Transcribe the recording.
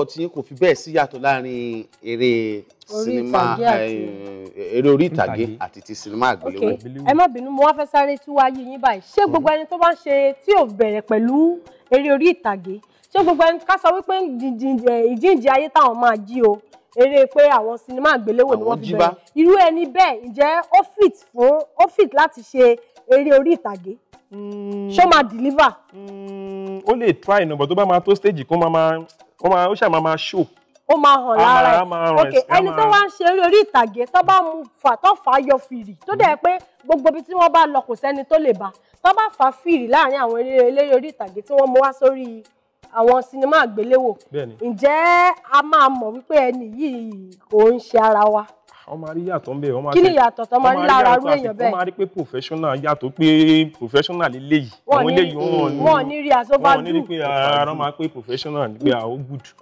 ọ̀ tí kò fi bẹ́ẹ̀ sí yàtọ̀ láàrin eré sinimá eh, eré orí ìtàgé àti ti sinimá àgbéléwò. ẹ má bínú mo wá fẹ́ sáré tú wá yí yín báyìí ṣé gbogbo ẹni tó bá ń ṣe tí ò bẹ̀rẹ̀ pẹ̀lú eré orí ìtàgé ṣé gbogbo ẹni ká sọ wípé ìjíǹde ayé táwọn máa jí o eré pé àwọn sinimá àgbéléwò ni wọ́n fi bẹ̀rẹ̀ irú ẹni bẹ́ẹ̀ ǹjẹ́ ó fit fún ó fit láti ṣe eré orí ìtàgé hmm. ṣó máa deliver. Hmm. ó lè try nù bọ̀ tó bá máa tó stage kó máa máa ó máa ó ṣàmà máa ṣò. ó máa hàn lára ẹ ok ẹni tó wá ń ṣe eré orí ìtàgé tó bá mu fà tó fà á yọ fìrì tó dẹ̀ mm. pé gbogbo ibi tí wọ́n bá lọ kò sẹ́ni tó lè bá tó bá fà á fìrì láàrin àwọn eléré orí ìtàgé tí wọ́n mú wá sórí àwọn sinimá àgbéléwò ǹjẹ́ a máa mọ̀ wípé ẹni yìí kò ń ṣe ara wa wọ́n máa rí yàtọ̀ ńbẹ̀ wọ́n máa rí kí ni yàtọ̀ tó máa rí lára rú èèyàn bẹ́ẹ̀ wọ́n máa rí pé professional yàtọ̀ pé professional lélẹ́yìí àwọn eléyìí wọ́n ní rí àsọ́bàdù wọ́n ní rí pé ah, ara wọn máa pé professional ní pé àwọn ah, good